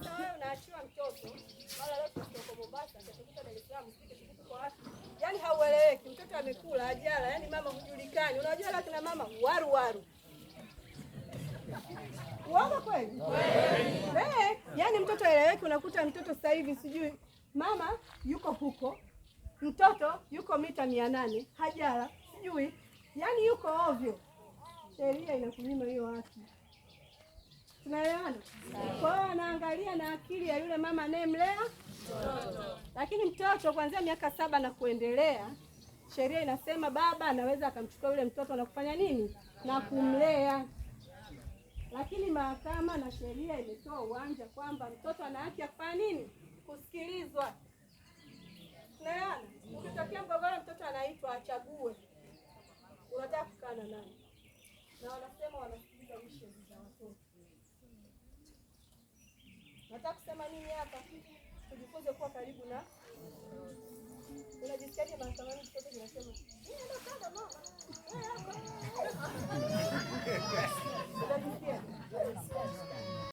Sasa wewe unaachiwa mtoto mara leo kutoka Mombasa, kesho Dar es Salaam, kesho kutoka wapi? Yaani haueleweki, mtoto amekula ajala, yaani mama hujulikani. Unajua leo kina mama waru waru uongo kweli, eh, yaani mtoto aeleweki. Unakuta mtoto sasa hivi sijui mama yuko huko, mtoto yuko mita mia nane hajala, sijui yaani yuko ovyo. Sheria inakulima hiyo haki, tunaelewana? Kwa hiyo anaangalia na akili ya yule mama anayemlea mtoto. Lakini mtoto kuanzia miaka saba na kuendelea, sheria inasema baba anaweza akamchukua yule mtoto na kufanya nini na kumlea. Lakini mahakama na sheria imetoa uwanja kwamba mtoto ana haki ya kufanya nini, kusikilizwa. ukitokia Ukitokea mgogoro, mtoto anaitwa achague, unataka kukaa na nani, na wanasema Nataka kusema nini hapa? Tujifunze kuwa karibu na unajisikiaje? Mahakamani kitoto kinasema